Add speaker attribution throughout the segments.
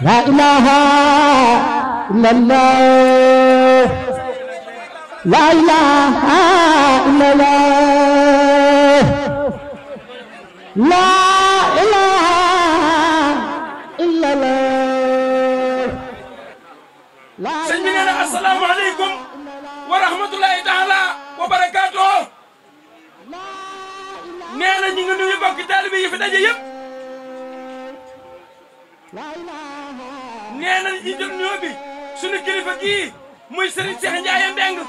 Speaker 1: لا إله إلا الله لا إله إلا الله لا إله إلا الله
Speaker 2: سيدنا السلام عليكم ورحمة الله تعالى وبركاته nee na ñu ngi nuyu mbokki taalibe yi fi daje yëpp tey jii jot nuyoo bi suñu kilifa gii muy Serigne Cheikh Ndiaye Mbengue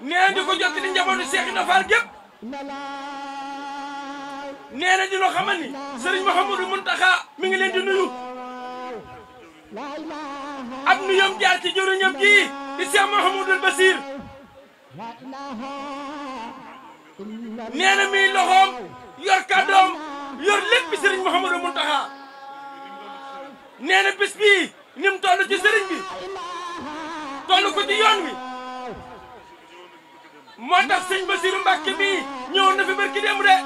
Speaker 2: nee na ko jot di njabootu Cheikh Ibra na dina xamal ni Serigne Mouhamadou Mountakha mi ngi leen di nuyu ab nuyoom jaar ci jëriñam gii di Cheikh Mouhamadou Bassir
Speaker 1: nee na mi loxoom
Speaker 2: yor kàddoom yor lépp Serigne Mouhamadou Mountakha. nee na bés bii ni mu toll ci sëriñ bi toll ko ci yoon wi moo tax sëñ Basiru Mbàkke bii ñëwoon na fi barki démb de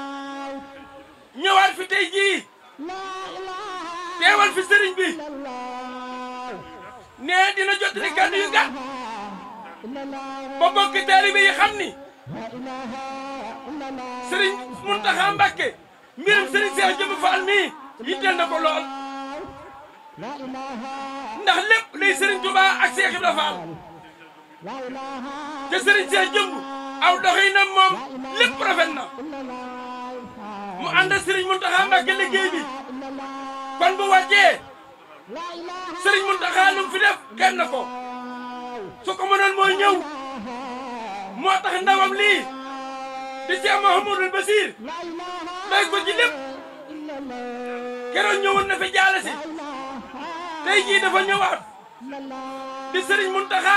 Speaker 2: ñëwaat fi tey jii teewal fi sëriñ bi nee dina jot li kàddu yu gàtt ba bokk taalibe yi xam ni sëriñ Muntaxa Mbàkke mbirum sëriñ Seex Jëmb Faal mii yitteel na ko ndax lépp lay Serigne Touba ak Cheikh Ibrahima Fall te Serigne Cheikh jëmb aw doxinam moom lépp rafet na mu ànd ak Serigne Mountakha Mbacké liggéey bi kon bu wàccee fi def kenn na ko su ko mënoon mooy ñëw
Speaker 1: moo tax ndawam
Speaker 2: lii di Cheikh Mouhamadoul Bassir
Speaker 1: may ko ci lépp
Speaker 2: keroog ñëwoon na fi jaale
Speaker 1: tey jii dafa ñëwaat
Speaker 2: di sëriñ Muntaxa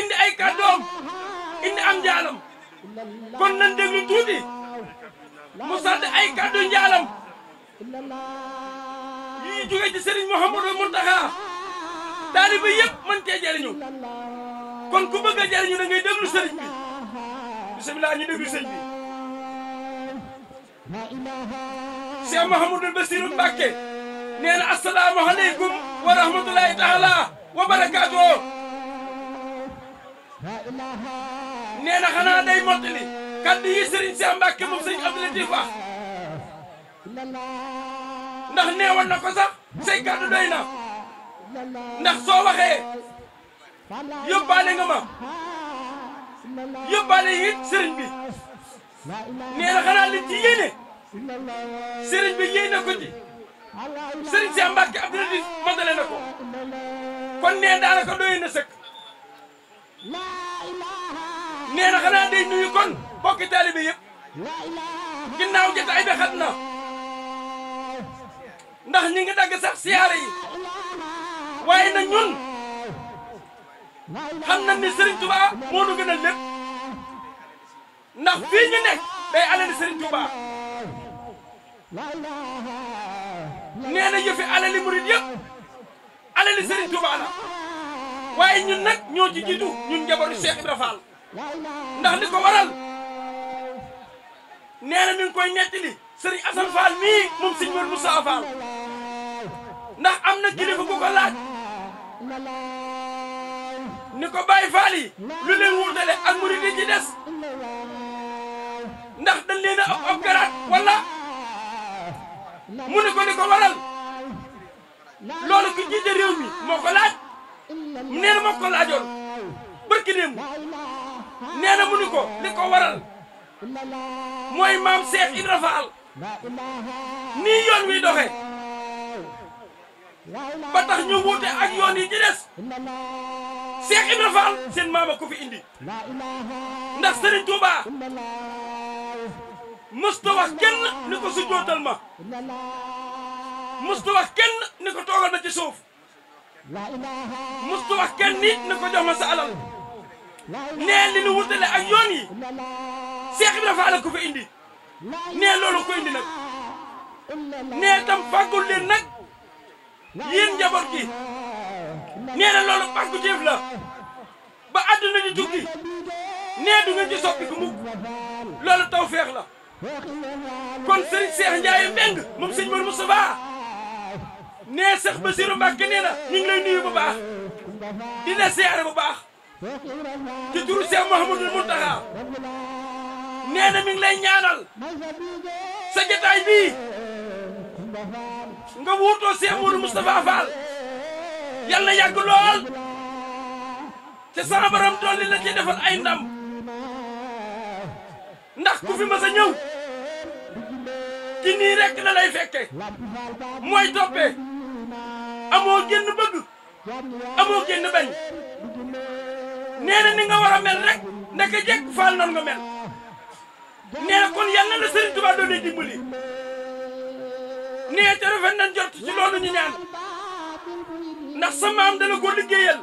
Speaker 2: indi ay kàddoom indi am njaalam kon nan déglu tuuti mu sant ay kàddu njaalam yii jóge ci sëriñ Mouhamadou Muntaxa taaliba yëpp mën cee jëriñu kon ku bëgg a jëriñu da ngay déglu sëriñ bi bisimilah ñu déglu sëriñ bi Cheikh Mouhamadou Bassirou Mbacké nee na asalaamaaleykum wa rahmatulahi taala wa barakaatu nee na xanaa day mottali kaddu yi Serigne Cheikh Mbacke moom sëñ Abdou Latif wax
Speaker 1: ndax neewoon na ko sax say kaddu doy na ndax soo waxee yóbbaale nga ma yóbbaale it Serigne bi nee na xanaa li ci
Speaker 2: yéene bi yéene ko ci. sëriñ Cheikh Mbacke Abdoul Aziz matale na ko kon nee daanaka doy na sëkk nee na xanaa day nuyu kon bokki taalibe yëpp ginnaaw jotaay bi xat na ndax ñi ngi dagg sax siyaare yi
Speaker 1: waaye na ñun xam nañ ni Serigne Touba moo nu gënal lépp
Speaker 2: ndax fii ñu nekk day alal Serigne Touba.
Speaker 1: nee na yëfi alali yëpp
Speaker 2: alali Serigne Touba waaye ñun nag ñoo ci jiitu ñun njabootu Cheikh Ibra
Speaker 1: ndax li ko waral
Speaker 2: nee na mi koy nettali Serigne Assane Fall mii moom Serigne Mor Moussa Fall ndax am na kilifa ku ko ni ko Baye Fall lu leen wuutale ak murit yi des ndax dañ leen a ab garaat mu ne ko ni ko waral loolu ki jiite réew mi moo ko laaj
Speaker 1: nee na moo ko laajoon
Speaker 2: barki démb nee na mu ne ko li ko waral mooy maam Cheikh Ibra Fall nii yoon wi doxe ba tax ñu wuute ak yoon yi ci des Cheikh Ibra Fall seen maama ko fi indi ndax Serigne Touba mësta wax kenn ni ko sujjootal ma mësta wax kenn ni ko toogal ma ci suuf mësta wax kenn ni ni ko jox ma sa alal nee li nu wutale ak yoon yi
Speaker 1: Seex Ibra fa
Speaker 2: indi nee loolu ko indi nag
Speaker 1: nee tam fàggul
Speaker 2: leen nag yéen njaboot gi
Speaker 1: nee loolu fàggu jëf la
Speaker 2: ba àdduna di tukki nee du ngeen ci soppi ku mukk loolu tawfeex la
Speaker 1: kon sëriñ Cheikh Ndiaye Mbengue moom sëñ Mor Moustapha
Speaker 2: nee sax Basiru Mbàkke nee na ñu ngi bu baax di la siyaare bu baax ci turu Cheikh Mouhamadul Mountakha nee na mi ngi lay ñaanal sa jotaay bii nga wuutoo Cheikh Mouhamadou Moustapha Fall yàlla na lool te sama borom la ci defal ay ndam ndax ku fi mas a ñëw. ci nii rek la lay fekke mooy toppee amoo génn bëgg amoo génn bañ
Speaker 1: nee na ni nga war a mel rek
Speaker 2: ndaka jekk faal noonu nga mel nee na kon yàlla na Serigne Touba doon nee te rafet jot ci loolu ñu ñaan
Speaker 1: ndax sa dana ko liggéeyal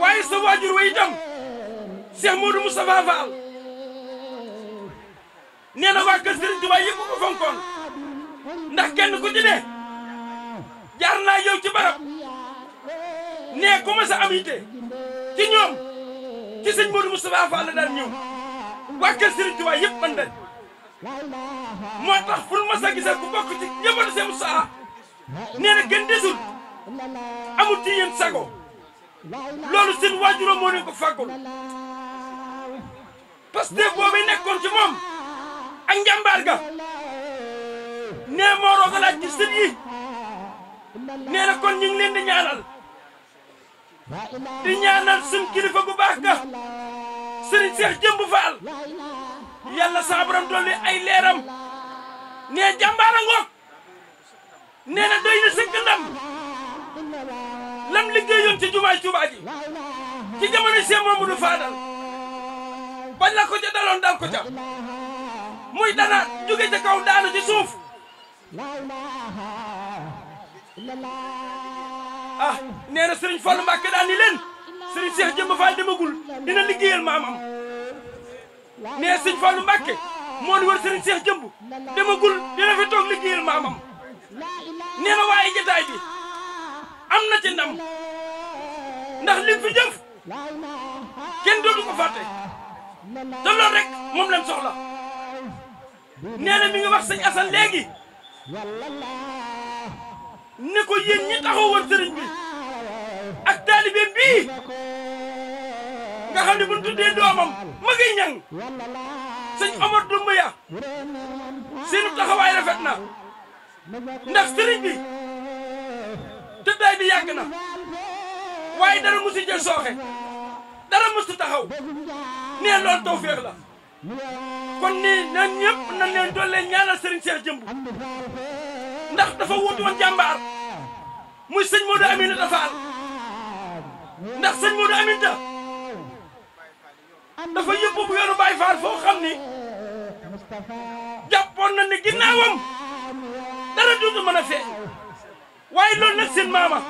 Speaker 2: waaye sa waajur wa itam Cheikh Modou Moustapha Fall nee na waa kër Serigne Touba yëpp ko fonkoon ndax kenn ku ci ne jaar naa yow ci nee ku ma sa am yitte ci ñoom ci sëñ Modou Moustapha Fall la daan ñëw waa kër Serigne Touba yëpp man moo tax pour ma sa gisee ku bokk ci ñëppal seen Moustapha nee na kenn desul amul ci yéen sago
Speaker 1: loolu seen waajuroo
Speaker 2: moo leen ko fàggul parce que boobu nekkoon ci moom. ak njàmbaar ga nee moo roog a laaj yi nee na kon ñu leen di ñaanal di ñaanal suñ kilifa gu baax ga sëriñ Seex Jëmb Faal yàlla sa borom dolli ay leeram nee jàmbaar a ngoog nee na doy lam liggéeyoon ci jumaay Tuubaa ji ci jamono Seex Mamadu Faadal bañ la ko ca daloon dal ko ca mooy dana jóge ca kaw daanu ci suuf ah nee na sëriñ Fallu leen sëriñ Seex Jëmb Faal demagul dina liggéeyal maamam nee sëriñ Fallu Mbàkke moo ni war sëriñ Seex Jëmb demagul dina fi toog liggéeyal maamam nee na waaye jataay bi am na ci ndax lim fi jëf kenn dootu ko fàtte
Speaker 1: te loolu rek moom lañ soxla
Speaker 2: nee na mi ngi wax sëñ Assane léegi ni ko yéen ñi taxawoon sëriñ bi ak bii nga xam ne bu ñu tuddee doomam ma ngay ñang sëñ Omar Doumbouya taxawaay rafet na ndax sëriñ bi tëddaay bi yàgg na waaye dara musu sooxe dara musu taxaw nee loolu tawféex la kon nii nan ñëpp nañ leen dollee ñaanal Serigne Cheikh Jëmb ndax dafa wuutu woon jàmbaar muy sëñ Modou Aminata Fall
Speaker 1: ndax sëñ Modou Aminata
Speaker 2: dafa yóbbu bu yoonu Baye Fall foo xam ni jàppoon na ne ginnaawam dara duutu mën fee
Speaker 1: waaye loolu nag seen maama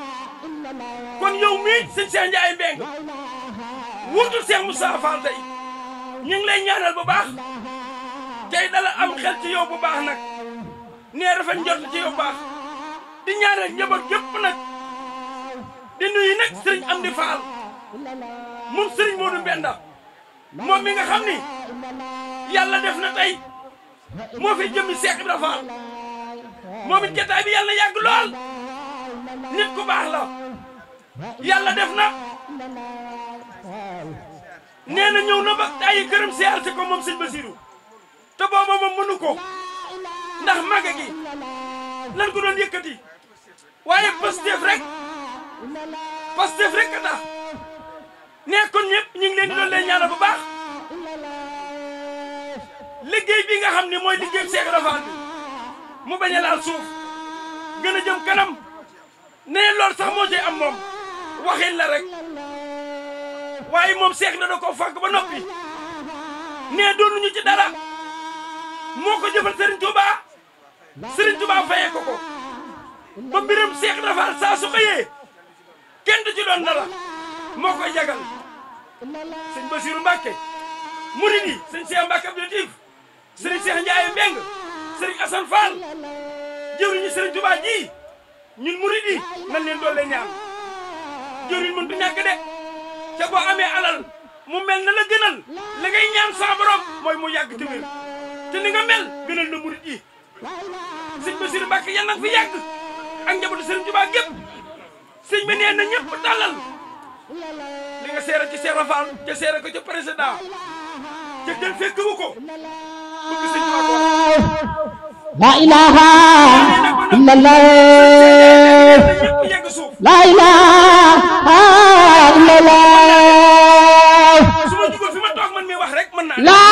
Speaker 1: kon yow
Speaker 2: mii sëñ Cheikh Ndiaye Mbengue wuutu Cheikh Moussa Fall tey. ñu ngi lay ñaanal baax tey dala am xel ci yow bu baax nag nee rafet njort ci yow bu baax di ñaanal njaboot yëpp nag di nuyu nag sëriñ Amdi Faal moom sëriñ Moodu Mbenda moom mi nga xam ni yàlla def na tey moo fi jëmmi Seex Ibra Faal moom it jotaay bi yàlla yàgg lool nit ku baax la yàlla def na nee na ñëw na ba ay këram siyaar si ko moom sëñ Basiru te booba moom mënu ko
Speaker 1: ndax màgg gi
Speaker 2: lan ko doon yëkkati waaye Pastef rek Pastef rek a nee kon ñëpp ñu leen di doon leen ñaanal bu baax liggéey bi nga xam ne mooy liggéey Seex Rafaal bi mu bañ a laal suuf gën a jëm kanam nee loolu sax moo ci am moom waxin la rek. waaye moom seex na da koo fonk ba noppi nee doonuñu ci dara moo ko jëfal Serigne Touba Serigne Touba fayee ko ko ba mbiram seex faal saa su xëyee kenn du ci doon dara moo koy jagal sëñ Basiru Mbàkke murid yi sëñ Cheikh Mbàkke Abdou Latif sëriñ Cheikh Ndiaye Mbeng sëriñ Assane Fall jëwriñu sëriñ Touba ji ñun murid yi nan leen doole ñaan jëwriñ mënut a ñàkk de. te boo amee alal mu mel na la gënal li ngay ñaan sa mooy mu yàgg te wér te ni nga mel gënal na murit yi sëñ Basiru Mbàkke yal na fi yàgg ak njabootu sëriñ Tuubaa gépp sëñ bi nee na ñëpp dalal li nga ci seera Faal ca seera ko ca président ca jël fekk wu ko bëgg sëñ Tuubaa
Speaker 1: la ilaha illallah
Speaker 2: la ilaha
Speaker 1: illallah
Speaker 2: la